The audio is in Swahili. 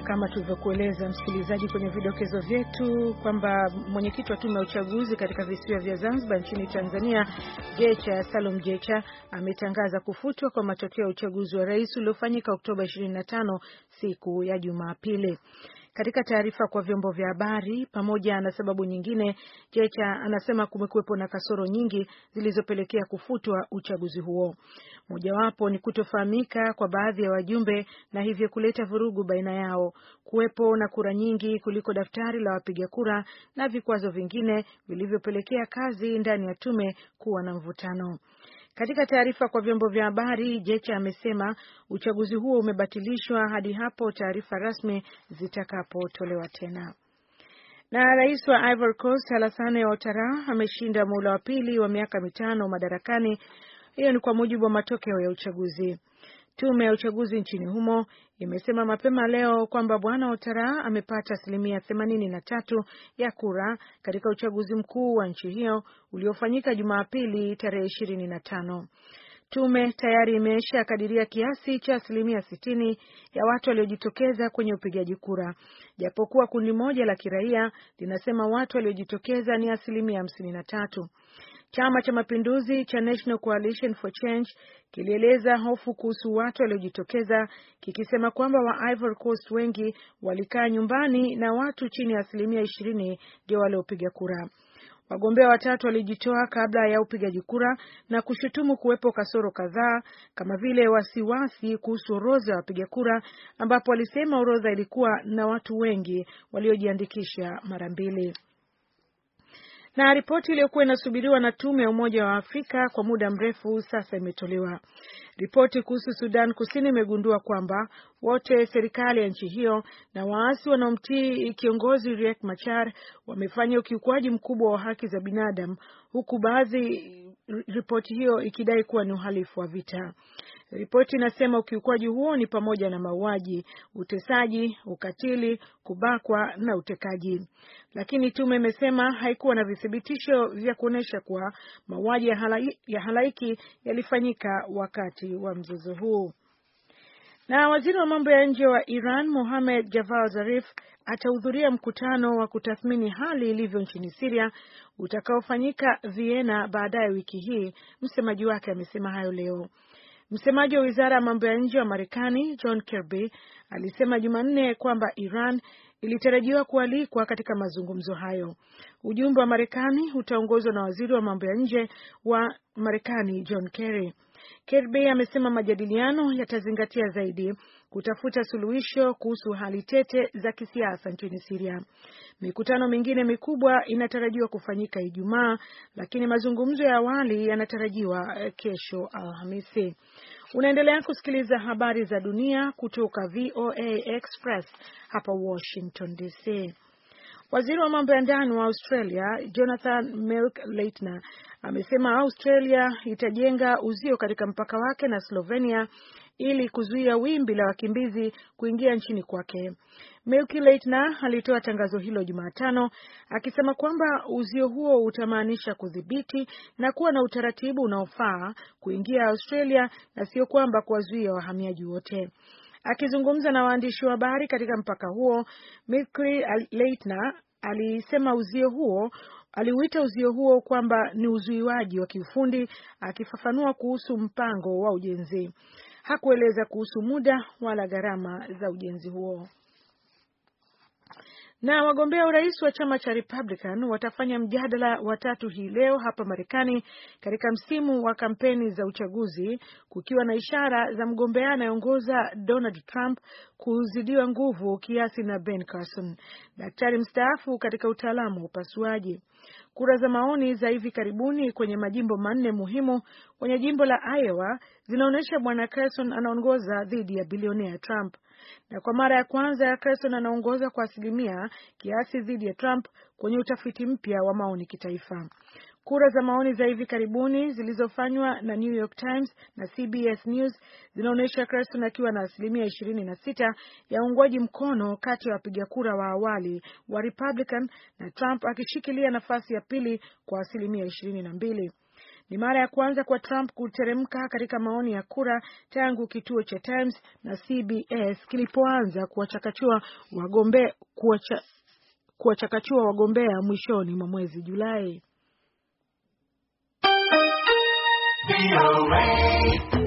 kama tulivyokueleza msikilizaji, kwenye vidokezo vyetu kwamba mwenyekiti wa tume ya uchaguzi katika visiwa vya Zanzibar nchini Tanzania, Jecha Salum Jecha ametangaza kufutwa kwa matokeo ya uchaguzi wa rais uliofanyika Oktoba 25 siku ya Jumapili. Katika taarifa kwa vyombo vya habari, pamoja na sababu nyingine, Jecha anasema kumekuwepo na kasoro nyingi zilizopelekea kufutwa uchaguzi huo. Mojawapo ni kutofahamika kwa baadhi ya wajumbe na hivyo kuleta vurugu baina yao, kuwepo na kura nyingi kuliko daftari la wapiga kura na vikwazo vingine vilivyopelekea kazi ndani ya tume kuwa na mvutano. Katika taarifa kwa vyombo vya habari, Jecha amesema uchaguzi huo umebatilishwa hadi hapo taarifa rasmi zitakapotolewa tena. Na rais wa Ivory Coast Alassane Ouattara ameshinda muhula wa pili wa miaka mitano madarakani. Hiyo ni kwa mujibu wa matokeo ya uchaguzi. Tume ya uchaguzi nchini humo imesema mapema leo kwamba Bwana otara amepata asilimia themanini na tatu ya kura katika uchaguzi mkuu wa nchi hiyo uliofanyika Jumapili tarehe ishirini na tano. Tume tayari imesha kadiria kiasi cha asilimia sitini ya watu waliojitokeza kwenye upigaji kura, japokuwa kundi moja la kiraia linasema watu waliojitokeza ni asilimia hamsini na tatu. Chama cha Mapinduzi cha National Coalition for Change kilieleza hofu kuhusu watu waliojitokeza kikisema kwamba wa Ivory Coast wengi walikaa nyumbani na watu chini ya asilimia ishirini ndio waliopiga kura. Wagombea watatu walijitoa kabla ya upigaji kura na kushutumu kuwepo kasoro kadhaa kama vile wasiwasi kuhusu orodha ya wapiga kura, ambapo walisema orodha ilikuwa na watu wengi waliojiandikisha mara mbili. Na ripoti iliyokuwa inasubiriwa na tume ya Umoja wa Afrika kwa muda mrefu sasa imetolewa. Ripoti kuhusu Sudan Kusini imegundua kwamba wote serikali ya nchi hiyo na waasi wanaomtii kiongozi Riek Machar wamefanya ukiukwaji mkubwa wa haki za binadamu huku baadhi ripoti hiyo ikidai kuwa ni uhalifu wa vita. Ripoti inasema ukiukwaji huo ni pamoja na mauaji, utesaji, ukatili, kubakwa na utekaji. Lakini tume imesema haikuwa na vithibitisho vya kuonyesha kuwa mauaji ya halaiki yalifanyika wakati wa mzozo huu. Na waziri wa mambo ya nje wa Iran Mohamed Javad Zarif atahudhuria mkutano wa kutathmini hali ilivyo nchini Siria utakaofanyika Vienna baadaye wiki hii. Msemaji wake amesema hayo leo. Msemaji wa wizara ya mambo ya nje wa Marekani John Kirby alisema Jumanne kwamba Iran ilitarajiwa kualikwa katika mazungumzo hayo. Ujumbe wa Marekani utaongozwa na waziri wa mambo ya nje wa Marekani John Kerry. Kirbey amesema majadiliano yatazingatia zaidi kutafuta suluhisho kuhusu hali tete za kisiasa nchini Syria. Mikutano mingine mikubwa inatarajiwa kufanyika Ijumaa, lakini mazungumzo ya awali yanatarajiwa eh, kesho Alhamisi. Unaendelea kusikiliza habari za dunia kutoka VOA Express hapa Washington DC. Waziri wa mambo ya ndani wa Australia Jonathan Milk Leitner amesema Australia itajenga uzio katika mpaka wake na Slovenia ili kuzuia wimbi la wakimbizi kuingia nchini kwake. Milky Leitner alitoa tangazo hilo Jumatano akisema kwamba uzio huo utamaanisha kudhibiti na kuwa na utaratibu unaofaa kuingia Australia na sio kwamba kuwazuia wahamiaji wote. Akizungumza na waandishi wa habari katika mpaka huo, Mikli Leitner alisema uzio huo aliuita uzio huo kwamba ni uzuiwaji wa kiufundi, akifafanua kuhusu mpango wa ujenzi. Hakueleza kuhusu muda wala gharama za ujenzi huo. Na wagombea urais wa chama cha Republican watafanya mjadala watatu hii leo hapa Marekani katika msimu wa kampeni za uchaguzi kukiwa na ishara za mgombea anayeongoza Donald Trump kuzidiwa nguvu kiasi na Ben Carson, daktari mstaafu katika utaalamu wa upasuaji. Kura za maoni za hivi karibuni kwenye majimbo manne muhimu kwenye jimbo la Iowa zinaonyesha bwana Carson anaongoza dhidi ya bilionea Trump, na kwa mara ya kwanza Carson anaongoza kwa asilimia kiasi dhidi ya Trump kwenye utafiti mpya wa maoni kitaifa. Kura za maoni za hivi karibuni zilizofanywa na New York Times na CBS News zinaonyesha Creston akiwa na asilimia ishirini na sita ya uungwaji mkono kati ya wapiga kura wa awali wa Republican na Trump akishikilia nafasi ya pili kwa asilimia ishirini na mbili. Ni mara ya kwanza kwa Trump kuteremka katika maoni ya kura tangu kituo cha Times na CBS kilipoanza kuwachakachua wagombea kuwacha, kuwachakachua wagombea mwishoni mwa mwezi Julai. VOA.